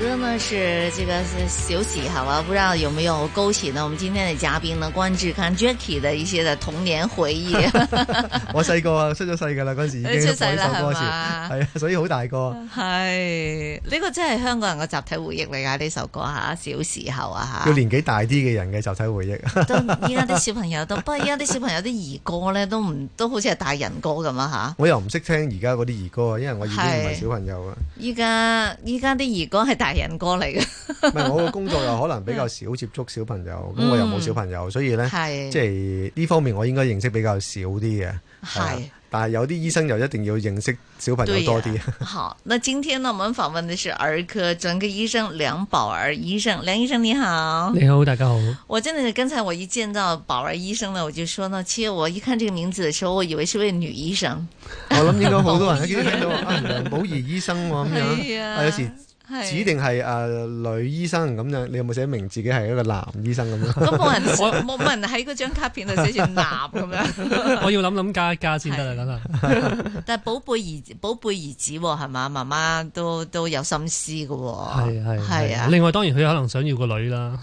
歌呢是這個是小時候啊，不知道有沒有勾起呢？我們今天的嘉賓呢，關智康 Jackie 的一些的童年回憶。 我細個啊，出咗世噶啦，嗰陣時已經呢首歌時，係啊吧，所以好大個。係呢、這個真係香港人嘅集體回憶嚟噶呢首歌吓，小時候啊吓。要年紀大啲嘅人嘅集體回憶。 都依家啲小朋友都，不過依家啲小朋友啲兒歌咧都唔都好似係大人歌咁啊吓。我又唔識聽而家嗰啲兒歌啊，因為我已經唔係小朋友啊。依家依家啲兒歌係大大人哥嚟嘅，。 唔係我嘅工作又可能比較少接觸小朋友，咁 我又冇小朋友，嗯、所以咧，是即係呢方面我應該認識比較少啲嘅。係是、啊，但係有啲醫生又一定要認識小朋友多啲，啊。好，那今天呢，我們訪問的是兒科專科醫生梁寶兒醫生，梁醫生你好，你好，大家好。我真的剛才我一見到寶兒醫生呢，我就說呢，其實我一看這個名字嘅時候，我以為係位女醫生。 我諗應該好多人都聽到 啊，梁寶兒醫生咁、啊、樣 啊啊，有時。是指定係誒女醫生咁樣，你有冇寫明自己係一個男醫生咁啊？都冇人冇冇人喺嗰張卡片度寫住男咁樣。我要諗諗加一加先得啦，咁啊等下！ 但係寶貝兒寶貝兒子係嘛？媽媽都都有心思噶。係系係啊！啊另外，當然佢可能想要個女啦，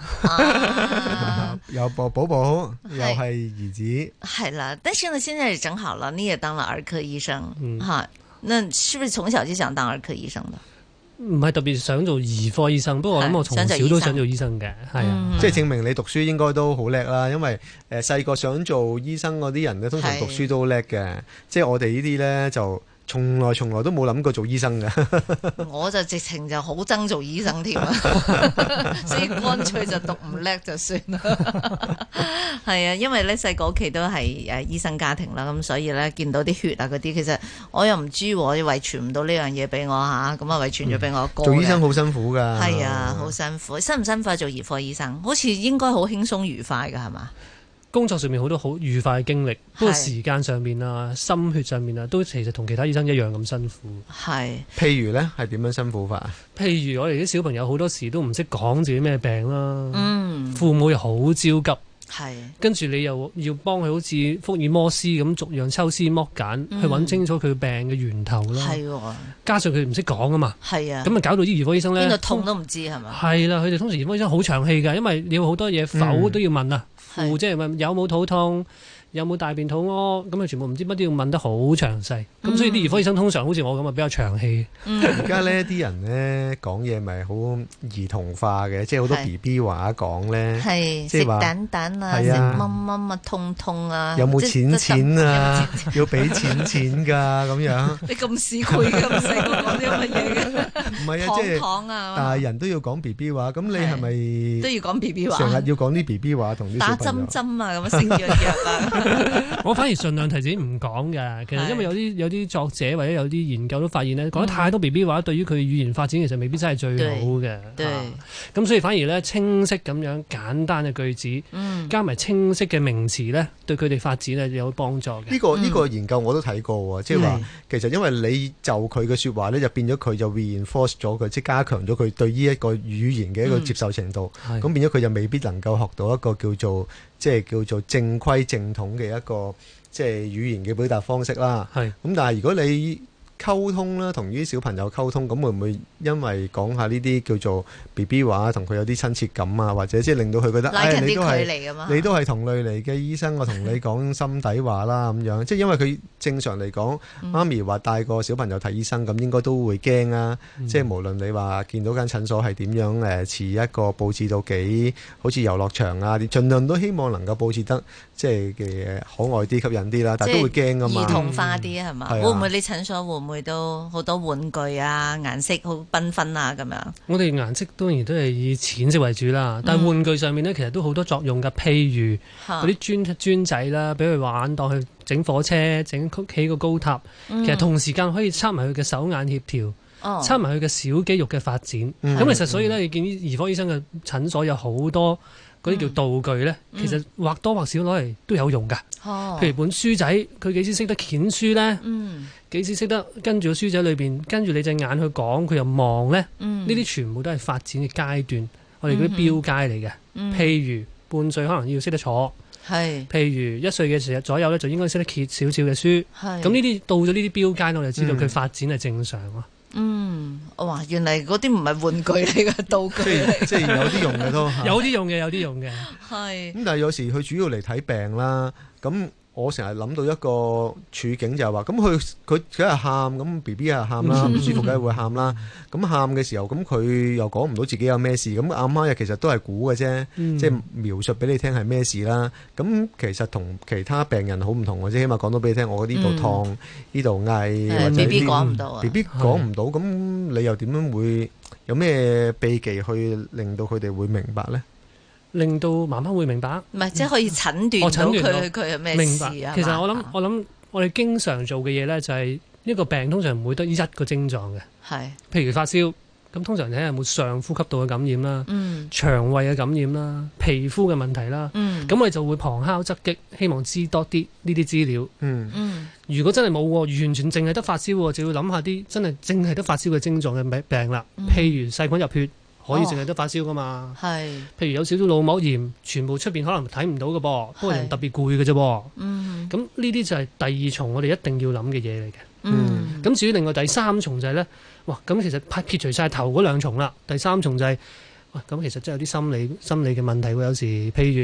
有寶寶寶，又係兒子。係啦，得先頭先係整好了，你也當了兒科醫生，嗯，哈、啊，那是不是從小就想當兒科醫生呢？唔係特別想做兒科醫生，不過我諗我從小都想做醫生嘅，係啊，的嗯、即係證明你讀書應該都好叻啦，因為誒細個想做醫生嗰啲人咧，通常讀書都好叻嘅，的即係我哋呢啲咧就。從來從來都冇諗過做醫生嘅，我就直情就好憎做醫生添，所以乾脆就讀唔叻就算啦。係啊，因為咧細個屋企都係誒醫生家庭啦，咁所以咧見到啲血啊嗰啲，其實我又唔知，遺傳唔到呢樣嘢俾我吓，咁啊遺傳咗俾我阿哥。做醫生好辛苦噶係啊，好辛苦，辛唔辛苦啊？做兒科醫生，好似應該好輕鬆愉快噶係嘛？工作上面好多好愉快嘅經歷，不過時間上面啊、心血上面啊，都其實同其他醫生一樣咁辛苦。係是。譬如呢係點樣辛苦法？譬如我哋啲小朋友好多時都唔識講自己咩病啦，嗯、父母又好焦急，是跟住你又要幫佢好似福爾摩斯咁逐樣抽絲剝繭、嗯、去揾清楚佢病嘅源頭咯。的加上佢唔識講啊嘛。係啊的，咁啊搞到啲兒科醫生呢，痛都唔知係嘛？係啦、嗯，佢哋通常兒科醫生好長氣㗎，因為你要好多嘢、嗯、否都要問啊。是即係問有冇肚痛？有冇大便肚屙？咁啊，全部唔知乜都要問得好詳細。咁所以啲兒科醫生通常好似我咁啊，比較長氣。而家咧啲人咧講嘢咪好兒童化嘅，即係好多 B B 話講咧，即係話蛋蛋啊，乜乜乜痛痛啊，有冇錢錢啊？要俾錢錢㗎咁樣。你咁市儈咁細唔識講啲乜嘢唔係啊，即係但係人都要講 B B 話。咁你係咪都要講 B B 話？成日要講啲 B B 話同啲打針針啊，咁樣升咗藥啦。 我反而盡量提醒唔講嘅，其實因為有啲有啲作者或者有啲研究都發現咧，講得、嗯、太多 B B 話，對於佢語言發展其實未必真係最好嘅。咁、啊、所以反而咧，清晰咁樣簡單嘅句子，嗯、加埋清晰嘅名詞咧，對佢哋發展咧有幫助嘅。呢個、呢個研究我都睇過，即係話其實因為你就佢嘅說話呢，就變咗佢就 reinforce 咗佢，即、就是、加強咗佢對呢一個語言嘅一個接受程度，咁、嗯、變咗佢就未必能夠學到一個叫做。即係叫做正規正統嘅一個即係語言嘅表達方式啦。係咁，但係如果你溝通啦，同啲小朋友溝通，咁會唔會因為講下呢啲叫做 BB 話，同佢有啲親切感啊，或者即係令到佢覺得，誒、哎、你都係你都係同類嚟嘅醫生， 我同你講心底話啦，咁樣，即係因為佢正常嚟講，媽咪話帶個小朋友睇醫生咁，應該都會驚啊，嗯、即係無論你話見到間診所係點樣誒，設、呃、一個佈置到幾好似遊樂場啊，盡量都希望能夠佈置得。即係嘅可愛啲、吸引啲啦，但都會驚㗎嘛。兒童化啲係嘛？會唔會你診所會唔會都好多玩具啊？顏色好繽紛啊，咁樣。我哋顏色當然都係以淺色為主啦，嗯、但係玩具上面呢，其實都好多作用㗎。譬如嗰啲磚磚仔啦，俾佢玩到去整火車、整築起個高塔，嗯、其實同時間可以測埋佢嘅手眼協調，測埋佢嘅小肌肉嘅發展。咁、嗯嗯、其實所以呢，你見啲兒科醫生嘅診所有好多。嗰啲叫道具呢，嗯嗯、其實或多或少攞嚟都有用噶。哦、譬如本書仔，佢幾時識得掀書呢？幾、嗯、時識得跟住個書仔裏邊，跟住你隻眼去講，佢又望呢？呢啲、嗯、全部都係發展嘅階段，嗯、哼我哋嗰啲標階嚟嘅。嗯、譬如半歲可能要識得坐，是譬如一歲嘅時候左右呢，就應該識得揭少少嘅書。咁呢啲到咗呢啲標階，我哋知道佢發展係正常咯。嗯嗯，我話原來嗰啲唔係玩具嚟嘅道具，即係即係有啲用嘅都， 有啲用嘅有啲用嘅係。咁是但係有時佢主要嚟睇病啦，咁。我成日諗到一個處境就係、是、話，咁佢佢係喊，咁 B B 係喊啦，唔舒服梗係會喊啦。咁喊嘅時候，咁佢又講唔到自己有咩事。咁阿媽又其實都係估嘅啫，即係、嗯、描述俾你聽係咩事啦。咁其實同其他病人好唔同嘅，啫。起碼講到俾你聽，我呢度痛、呢度嗌，嗯、或者 B B 講唔到，B B 講唔到，咁是你又點樣會有咩秘技去令到佢哋會明白咧？令到媽媽會明白，唔係即係可以診斷、嗯哦、診斷到佢佢係咩事啊？其實我諗媽我諗我哋經常做嘅嘢咧，就係呢個病通常唔會得一個症狀嘅。係是，譬如發燒，咁通常睇有冇上呼吸道嘅感染啦，嗯、腸胃嘅感染啦，皮膚嘅問題啦。咁、嗯、我哋就會旁敲側擊，希望知多啲呢啲資料。嗯，嗯如果真係冇完全淨係得發燒，就要諗下啲真係淨係得發燒嘅症狀嘅病啦。譬如，如細菌入血。可以淨係得發燒噶嘛？係、哦。譬如有少少腦膜炎，全部出邊可能睇唔到嘅噃，是不過人特別攰嘅啫噃。嗯。咁呢啲就係第二重，我哋一定要諗嘅嘢嚟嘅。嗯。咁至於另外第三重就係、是、咧，哇！咁其實撇除晒頭嗰兩重啦，第三重就係、是，哇！咁其實真係有啲心理心理嘅問題喎、啊。有時譬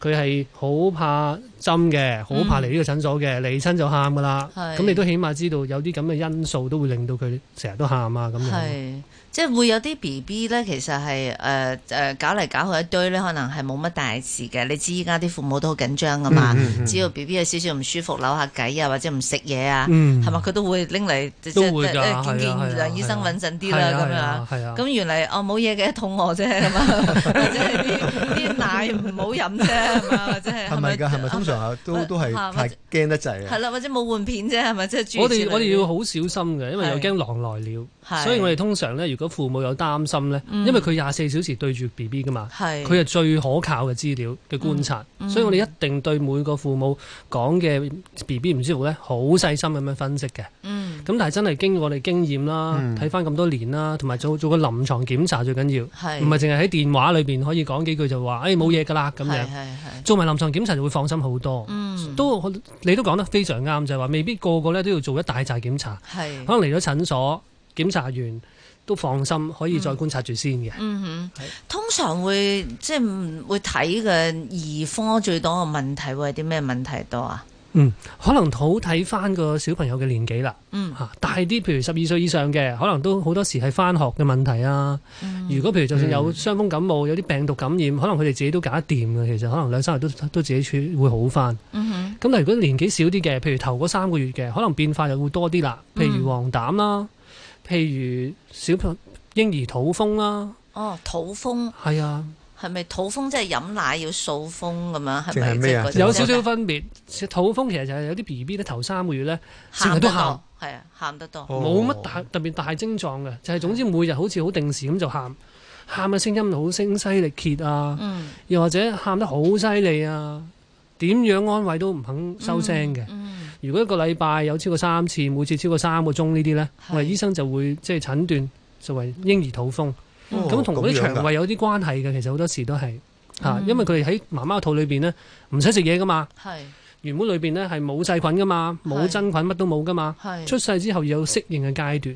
如佢係好怕針嘅，好怕嚟呢個診所嘅，嚟親、嗯、就喊噶啦。係是。咁你都起碼知道有啲咁嘅因素都會令到佢成日都喊啊咁樣是。係。即係會有啲 B B 咧，其實係誒誒搞嚟搞去一堆咧，可能係冇乜大事嘅。你知依家啲父母都好緊張噶嘛？只要 B B 有少少唔舒服、扭下偈啊，或者唔食嘢啊，係咪？佢都會拎嚟即係見見梁醫生穩陣啲啦咁樣。咁原嚟哦冇嘢嘅，肚餓啫，係嘛？或者係啲啲奶唔好飲啫，係嘛？或者係係咪？係咪？通常都都係係驚得滯嘅。係啦，或者冇換片啫，係咪？即係我哋我哋要好小心嘅，因為又驚狼來了，所以我哋通常咧如果，父母有擔心咧，因為佢廿四小時對住 B B 㗎嘛，佢係是最可靠嘅資料嘅觀察，嗯嗯、所以我哋一定對每個父母講嘅 B B 唔舒服咧，好細心咁樣分析嘅。咁、嗯、但係真係經過我哋經驗啦，睇翻咁多年啦，同埋做做個臨床檢查最緊要，唔係淨係喺電話裏邊可以講幾句就話，誒冇嘢㗎啦咁樣，做埋臨床檢查就會放心好多。嗯、都你都講得非常啱，就係、是、話未必個個咧都要做一大紮檢查，是是可能嚟咗診所。檢查完都放心，可以再觀察住先嘅、嗯。嗯哼，通常會即係、就是、會睇嘅兒科最多嘅問題會係啲咩問題多啊？嗯，可能好睇翻個小朋友嘅年紀啦。嗯，啊、大啲，譬如十二歲以上嘅，可能都好多時係翻學嘅問題啊。嗯、如果譬如就算有傷風感冒，嗯、有啲病毒感染，可能佢哋自己都搞得掂嘅。其實可能兩三日都都自己會好翻。咁、嗯、哼但係如果年紀少啲嘅，譬如頭嗰三個月嘅，可能變化就會多啲啦。譬如黃疸啦。嗯譬如小朋嬰兒肚風啦，哦，肚風，係啊，係咪肚風即係飲奶要掃風咁樣？係咪是有少少分別？肚風其實就係有啲 B B 咧頭三個月咧，喊得多，係啊，喊得多，冇乜特特別大症狀嘅，就係、是、總之每日好似好定時咁就喊，喊嘅聲音好聲嘶力竭啊，嗯、又或者喊得好犀利啊，點樣安慰都唔肯收聲嘅。嗯嗯如果一個禮拜有超過三次，每次超過三個鐘，呢啲呢，我哋醫生就會即係診斷就為嬰兒肚風，咁同啲腸胃有啲關係嘅。其實好多時都係嚇，因為佢哋喺媽媽肚裏邊呢，唔使食嘢噶嘛，原本裏邊呢係冇細菌噶嘛，冇真菌乜都冇噶嘛，出世之後要有適應嘅階段，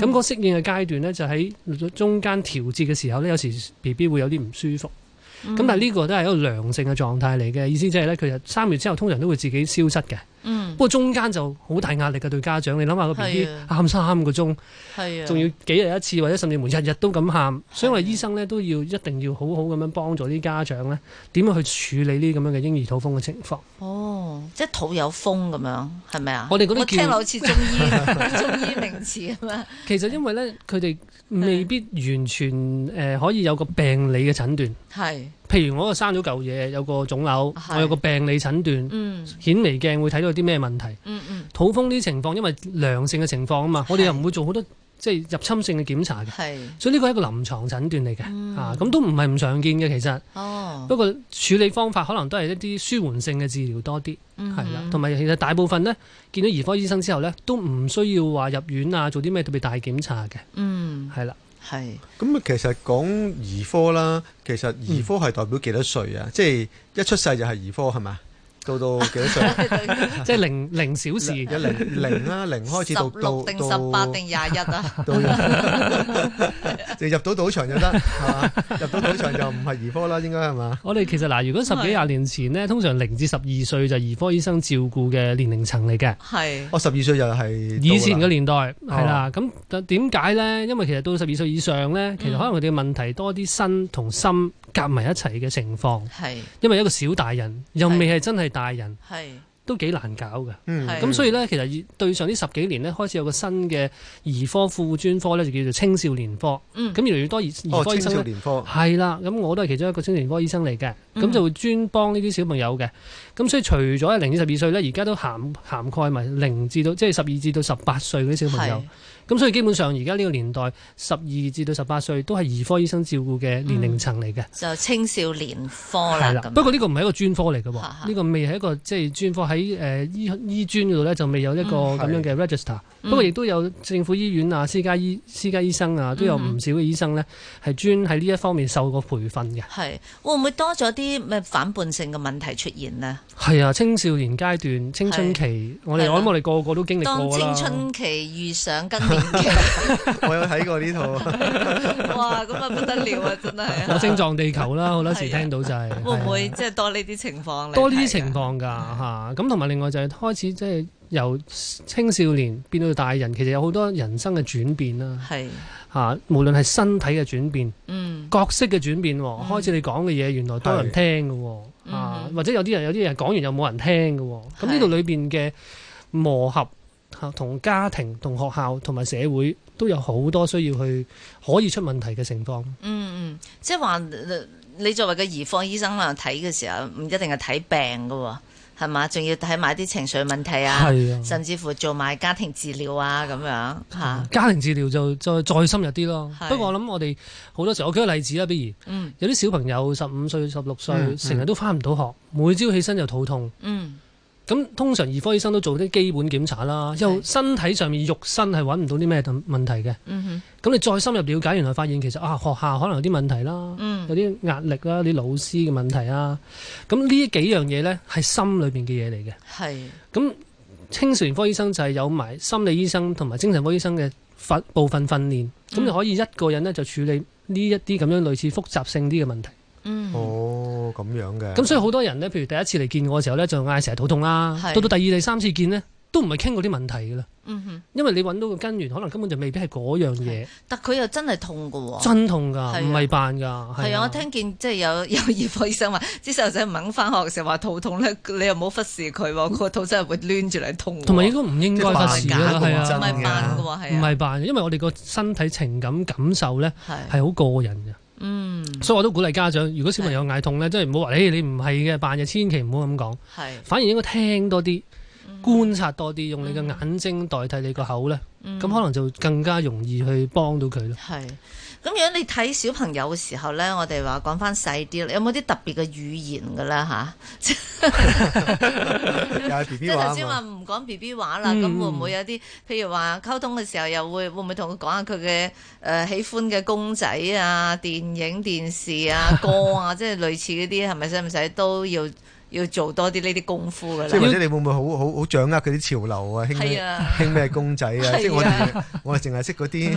咁個適應嘅階段呢，就喺中間調節嘅時候呢，有時 B B 會有啲唔舒服，咁但係呢個都係一個良性嘅狀態嚟嘅，意思即係呢，佢哋三月之後通常都會自己消失嘅。嗯，不過中間就好大壓力嘅對家長，你諗下個 B B 喊三個鐘，係啊的，仲要幾日一次，或者甚至乎日日都咁喊，的所以我哋醫生咧都要一定要好好咁樣幫助啲家長咧，點樣去處理呢啲咁樣嘅嬰兒肚風嘅情況。哦，即係肚有風咁樣，係咪啊？我哋嗰啲叫我聽落好似中醫，中醫 名詞咁樣。其實因為咧，佢哋未必完全誒可以有個病理嘅診斷。係。譬如我個生咗嚿嘢，有個腫瘤，是我有個病理診斷，嗯、顯微鏡會睇到啲咩問題。肚、嗯嗯、風啲情況，因為良性嘅情況啊嘛，是我哋又唔會做好多即係入侵性嘅檢查嘅，是所以呢個係一個臨床診斷嚟嘅，嚇咁、嗯啊、都唔係唔常見嘅其實。哦、不過處理方法可能都係一啲舒緩性嘅治療多啲，係啦、嗯。同埋其實大部分呢，見到兒科醫生之後呢，都唔需要話入院啊，做啲咩特別大檢查嘅，係啦、嗯。係，咁啊是其實講兒科啦，其實兒科係代表幾多歲啊？嗯、即係一出世就係兒科係咪啊？到到幾多歲？即係零零小時，一零零啦，零開始到到到十六定十八定廿一啊！到，入到賭場就得，入到賭場就唔係兒科啦，應該係嘛？我哋其實嗱，如果十幾廿年前呢，通常零至十二歲就兒科醫生照顧嘅年齡層嚟嘅。係。我十二歲就係以前嘅年代，係啦。咁點解呢？因為其實到十二歲以上呢，其實可能佢哋問題多啲身同心。夾埋一齊嘅情況，係是因為一個小大人是又未係真係大人，係是都幾難搞噶。咁是所以咧，其實對上呢十幾年咧，開始有個新嘅兒科副專科咧，就叫做青少年科。咁、嗯、越嚟越多兒、哦、兒科醫生。哦，青少年科。係啦，咁我都係其中一個青少年科醫生嚟嘅，咁、嗯、就會專幫呢啲小朋友嘅。咁所以除咗零至十二歲咧，而家都涵涵蓋埋零至到即係十二至到十八歲嗰啲小朋友。是咁所以基本上而家呢個年代，十二至到十八歲都係兒科醫生照顧嘅年齡層嚟嘅，就青少年科啦。係啦，不過呢個唔係一個專科嚟嘅，呢是個未係一個即係專科喺誒、呃、醫醫專嗰度咧，就未有一個咁樣嘅 register。嗯、不過亦都有政府醫院啊、私家醫私家醫生啊，都有唔少嘅醫生咧，係專喺呢一方面受過培訓嘅。係會唔會多咗啲咩反叛性嘅問題出現咧？係啊，青少年階段、青春期，我哋我諗我哋個個都經歷過當青春期遇上跟。 我有睇過呢套，哇，咁啊不得了啊，真係、啊！火星撞地球啦，好多時聽到就係、是，啊啊、會唔會即係多呢啲情況？多呢啲情況噶吓，咁同埋另外就係開始即係由青少年變到大人，其實有好多人生嘅轉變啦，係吓、啊，無論係身體嘅轉變，嗯、角色嘅轉變，開始你講嘅嘢原來多人聽㗎、啊嗯，啊，或者有啲人有啲人講完又冇人聽㗎，咁呢度裏邊嘅磨合。同家庭、同學校、同埋社會都有好多需要去可以出問題嘅情況。嗯嗯，即係話你作為個兒科醫生可能睇嘅時候唔一定係睇病㗎喎，係嘛？仲要睇埋啲情緒問題啊，甚至乎做埋家庭治療啊咁樣嚇。家庭治療就再再深入啲咯。是不過我諗我哋好多時候，我舉個例子啦，比如、嗯、有啲小朋友十五歲、十六歲，成日、嗯嗯、都返唔到學，每朝起身就肚痛嗯。咁通常兒科醫生都做啲基本檢查啦，的又身體上面肉身係揾唔到啲咩問題嘅。咁你、嗯、哼再深入了解，原來發現其實啊，學校可能有啲問題啦、嗯，有啲壓力啦，啲老師嘅問題啊。咁呢幾樣嘢呢係心裏邊嘅嘢嚟嘅。咁的青少年科醫生就係有埋心理醫生同埋精神科醫生嘅訓部分訓練，咁你、嗯、可以一個人呢就處理呢一啲咁樣類似複雜性啲嘅問題。哦，咁樣嘅，咁所以好多人咧，譬如第一次嚟見我嘅時候咧，就嗌成日肚痛啦。係，到到第二、第三次見咧，都唔係傾嗰啲問題噶啦。嗯哼，因為你揾到個根源，可能根本就未必係嗰樣嘢。但佢又真係痛噶，真痛噶，唔係扮噶。係啊，我聽見即係有有兒科醫生話，啲細路仔唔肯翻學嘅時候話肚痛咧，你又冇忽視佢，個肚真係會攣住嚟痛。同埋應該唔應該忽視咧？係啊，唔係扮噶，唔係扮，因為我哋個身體、情感、感受咧係好個人嘅。嗯，所以我都鼓勵家長，如果小朋友嗌痛咧，的即係唔好話，誒、欸，你唔係嘅扮嘢，千祈唔好咁講，係的，反而應該聽多啲，觀察多啲，用你嘅眼睛代替你個口咧，咁、嗯、可能就更加容易去幫到佢咯。係，咁樣你睇小朋友嘅時候咧，我哋話講翻細啲，有冇啲特別嘅語言噶啦吓？ 即係頭先話唔講 B B 話啦，咁、嗯嗯、會唔會有啲譬如話溝通嘅時候又會會唔會同佢講下佢嘅誒喜歡嘅公仔啊、電影、電視啊、歌啊， 即係類似嗰啲，係咪使唔使都要？要做多啲呢啲功夫噶啦，即或者你會唔會好好好掌握佢啲潮流啊？興興咩公仔啊？啊啊即我哋我係淨係識嗰啲。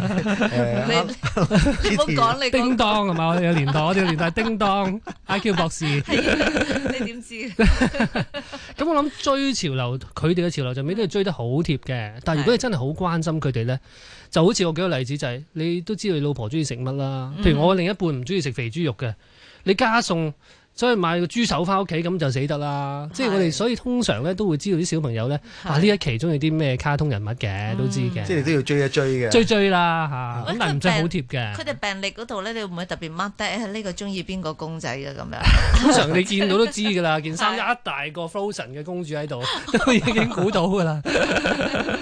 你，你叮當係咪我哋有年代，我哋年代叮當噹 IQ 博士，啊、你點知？咁 我諗追潮流，佢哋嘅潮流就未必係追得好貼嘅。但係如果你真係好關心佢哋咧，就好似我有幾個例子就係、是，你都知道你老婆中意食乜啦。譬如我另一半唔中意食肥豬肉嘅，你加餸。所以買個豬手返屋企咁就死得啦！即係我哋所以通常咧都會知道啲小朋友咧是啊呢一期中意啲咩卡通人物嘅、嗯、都知嘅，即係都要追一追嘅，追追啦吓，可能唔使好貼嘅。佢哋病，病歷嗰度咧，你會唔會特別 mark 低呢個中意邊個公仔嘅咁樣。 通常你見到都知㗎啦，件衫 是一大個 Frozen 嘅公主喺度，都已經估到㗎啦。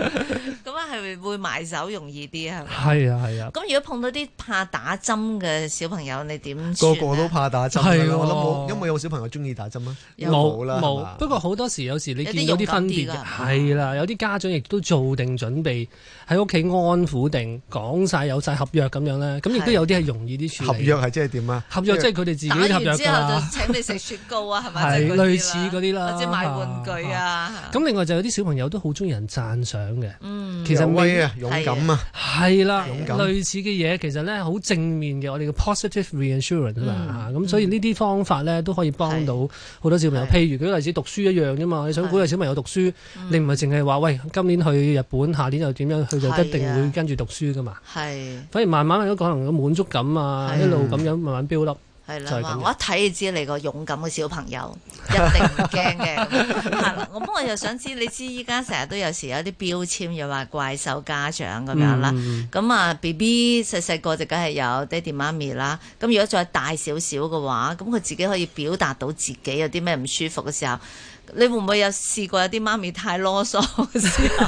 會買手容易啲係咪？係啊係啊。咁如果碰到啲怕打針嘅小朋友，你點？個個都怕打針咯，都冇，有冇小朋友中意打針啊？冇啦冇。不過好多時有時你見到啲分別嘅係啦，有啲家長亦都做定準備喺屋企安撫定，講晒有晒合約咁樣咧。咁亦都有啲係容易啲處理。合約係即係點啊？合約即係佢哋自己合約。打完之後就請你食雪糕啊，係咪？類類似嗰啲啦。或者買玩具啊。咁另外就有啲小朋友都好中意人讚賞嘅。嗯，其實。勇敢啊，係啦，類似嘅嘢其實咧好正面嘅，我哋叫 positive reassurance 啊嘛，咁所以呢啲方法咧都可以幫到好多小朋友。譬如舉例子，讀書一樣啫嘛，你想鼓勵小朋友讀書，你唔係淨係話喂，今年去日本，下年又點樣，佢就一定會跟住讀書噶嘛。係，反而慢慢有可能有滿足感啊，一路咁樣慢慢 build up。係啦，我一睇就知你個勇敢嘅小朋友一定唔驚嘅。係啦， 咁我又想知，你知依家成日都有時有啲標籤，又話怪獸家長咁樣啦。咁、嗯、啊，B B 細細個就梗係有爹哋媽咪啦。咁、啊、如果再大少少嘅話，咁佢自己可以表達到自己有啲咩唔舒服嘅時候。你會唔會有試過有啲媽咪太囉嗦嘅時候？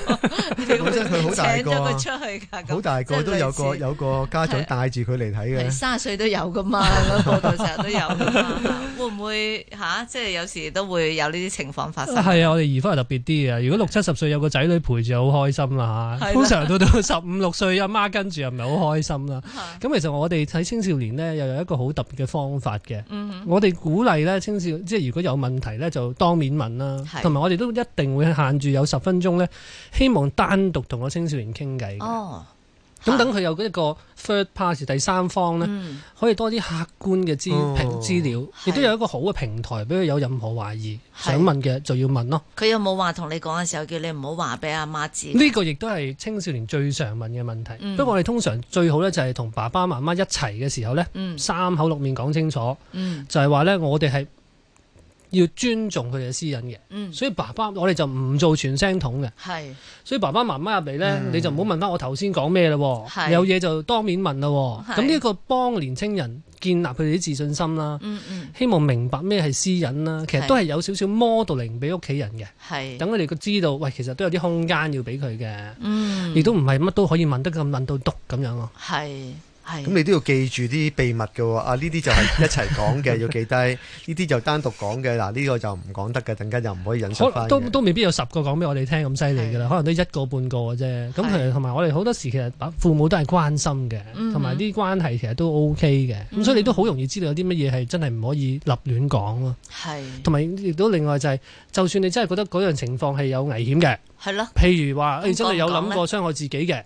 佢好 大個啊，好大個都有個似有個家長帶住佢嚟睇嘅，三十歲都有噶嘛，嗰個 時候都有。 會唔會嚇、啊？即係有時都會有呢啲情況發生。係啊，我哋兒科係特別啲啊！如果六七十歲有個仔女陪住，好開心啦嚇。是的 通常到到十五六歲，阿媽，媽跟住又唔係好開心啦。咁的其實我哋睇青少年咧，又有一個好特別嘅方法嘅。嗯、我哋鼓勵咧青少年，即係如果有問題咧，就當面問。啦，同埋是我哋都一定會限住有十分鐘呢，希望單獨同個青少年傾偈。哦，咁等佢有嗰一個 third party 第三方呢，嗯、可以多啲客觀嘅資資料，亦都、哦、有一個好嘅平台，俾佢有任何懷疑是想問嘅就要問咯。佢有冇話同你講嘅時候，叫你唔好話俾阿媽知？呢個亦都係青少年最常問嘅問題。不過、嗯、我哋通常最好呢，就係同爸爸媽媽一齊嘅時候呢，嗯、三口六面講清楚，嗯、就係話呢，我哋係。要尊重佢哋嘅私隱嘅，所以爸爸我哋就唔做傳聲筒嘅。係，所以爸爸媽媽入嚟呢，你就唔好問翻我頭先講咩啦，有嘢就當面問啦。咁呢一個幫年青人建立佢哋啲自信心啦，希望明白咩係私隱啦。其實都係有少少 modeling 俾屋企人嘅。等佢哋都知道，喂，其實都有啲空間要俾佢嘅。亦都唔係乜都可以問得咁問到篤咁樣咯。係。咁你都要記住啲秘密嘅喎、哦，啊呢啲就係一齊講嘅，要記低；呢啲 就單獨講嘅。嗱呢個就唔講得嘅，陣間又唔可以引述都，都未必有十個講俾我哋聽咁犀利嘅啦，的可能都一個半個嘅啫。咁其實同埋我哋好多時其實父母都係關心嘅，同埋啲關係其實都 O K 嘅。咁、嗯、哼所以你都好容易知道有啲乜嘢係真係唔可以立亂講咯。同埋亦都另外就係、是，就算你真係覺得嗰樣情況係有危險嘅，的譬如話，你、欸、真係有諗過傷害自己嘅，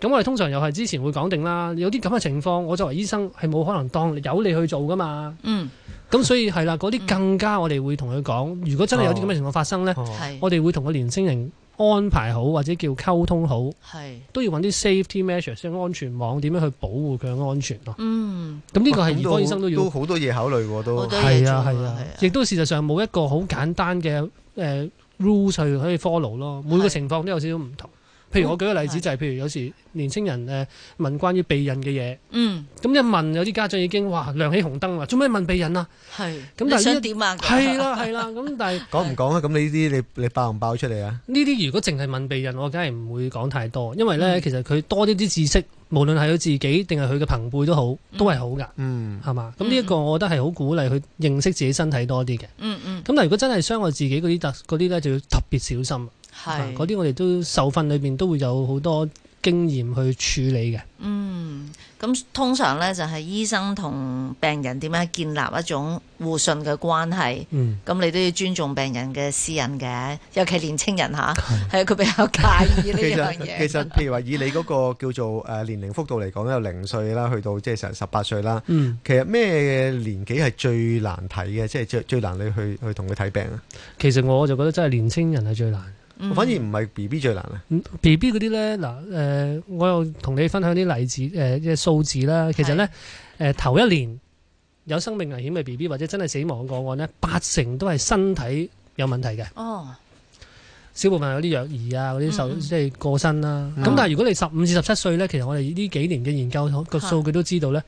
咁我哋通常又係之前會講定啦，有啲咁嘅情況，我作為醫生係冇可能當有你去做噶嘛。嗯。咁、嗯、所以係啦，嗰啲更加我哋會同佢講，如果真係有啲咁嘅情況發生咧，哦嗯、我哋會同個年青人安排好或者叫溝通好，是都要揾啲 safety measures，即係安全網，點樣去保護佢嘅安全咯。嗯。咁呢個係兒科醫生都要、嗯、都好多嘢考慮喎，都係啊係啊，亦、啊啊、都事實上冇一個好簡單嘅誒 rule 去可以 follow 咯，每個情況都有少少唔同。譬如我舉個例子就係，嗯、譬如有時年青人誒問關於避孕嘅嘢，嗯，咁一問有啲家長已經哇亮起紅燈啦，做咩問避孕啊？係是，咁你想點啊？係啦係啦，咁但係講唔講啊？咁呢啲你你爆唔爆出嚟啊？呢啲如果淨係問避孕，我梗係唔會講太多，因為咧、嗯、其實佢多啲啲知識，無論係佢自己定係佢嘅朋輩都好，都係好噶，嗯，係嘛？咁呢一個我覺得係好鼓勵佢認識自己身體多啲嘅，嗯嗯。咁、嗯、但係如果真係傷害自己嗰啲特啲咧，就要特別小心。係嗰啲我哋都受訓，裏邊都會有好多經驗去處理嘅。嗯，咁通常咧就係醫生同病人點樣建立一種互信嘅關係。嗯，咁你都要尊重病人嘅私隱嘅，尤其年青人吓，係一個比較介意呢樣嘢。其實，其實譬如話以你嗰個叫做誒年齡幅度嚟講，由零歲啦去到即係成十八歲啦。其實咩年紀係最難睇嘅？即係最最難你去去同佢睇病啊？其實我就覺得真係年青人係最難。反而唔係 B B 最難咧，B B 嗰啲咧嗱，誒、嗯呃，我又同你分享啲例子，誒、呃，即係數字啦。其實咧，誒是、呃，頭一年有生命危險嘅 B B 或者真係死亡個案咧，八成都係身體有問題嘅。哦，小部分有啲弱兒啊，嗰啲受、嗯、即係過身啦、啊。咁、嗯、但係如果你十五至十七歲咧，其實我哋呢幾年嘅研究個數據都知道咧，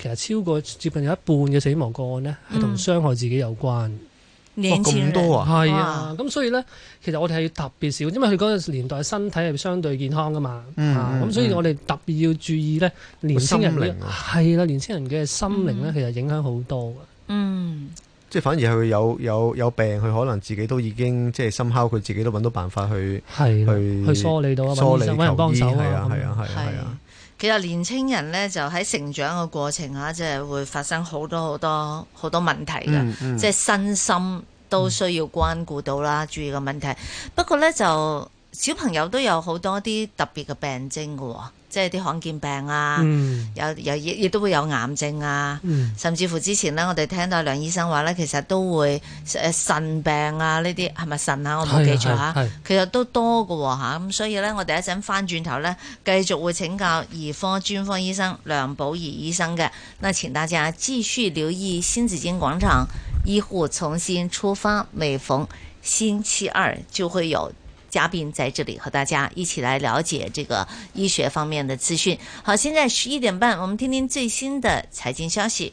是其實超過接近有一半嘅死亡個案咧係同傷害自己有關。嗯咁多哇啊，係啊，咁所以咧，其實我哋係特別少，因為佢嗰個年代身體係相對健康噶嘛，咁、嗯啊、所以我哋特別要注意咧年輕人嘅係啦，年輕人嘅心靈咧、啊啊、其實影響好多嘅，嗯，即係反而係佢有有有病，佢可能自己都已經即係 somehow，佢自己都揾到辦法去、啊、去去梳理到，揾醫生嚟幫手啊，啊，係啊，係啊。其實年青人咧就喺成長嘅過程啊，即、就、係、是、會發生好多好多好多問題㗎，嗯嗯、即係身心都需要關顧到啦，注、嗯、意嘅問題。不過咧就～小朋友都有好多啲特別嘅病徵嘅、哦，即係啲罕見病啊，嗯、有有亦都會有癌症啊，嗯、甚至乎之前呢，我哋聽到梁醫生話呢，其實都會誒腎病啊，呢啲係咪腎啊？我冇記錯嚇、啊，啊啊、其實都多嘅嚇、哦。咁所以呢，我哋一陣翻轉頭呢，繼續會請教兒科專科醫生梁寶兒醫生嘅。嗱請大家繼續留意先至廣場醫護重新出發，每逢星期二就會有。嘉賓在這裡和大家一起來了解這個醫學方面的資訊。好，現在十一點半，我們聽聽最新的財經消息。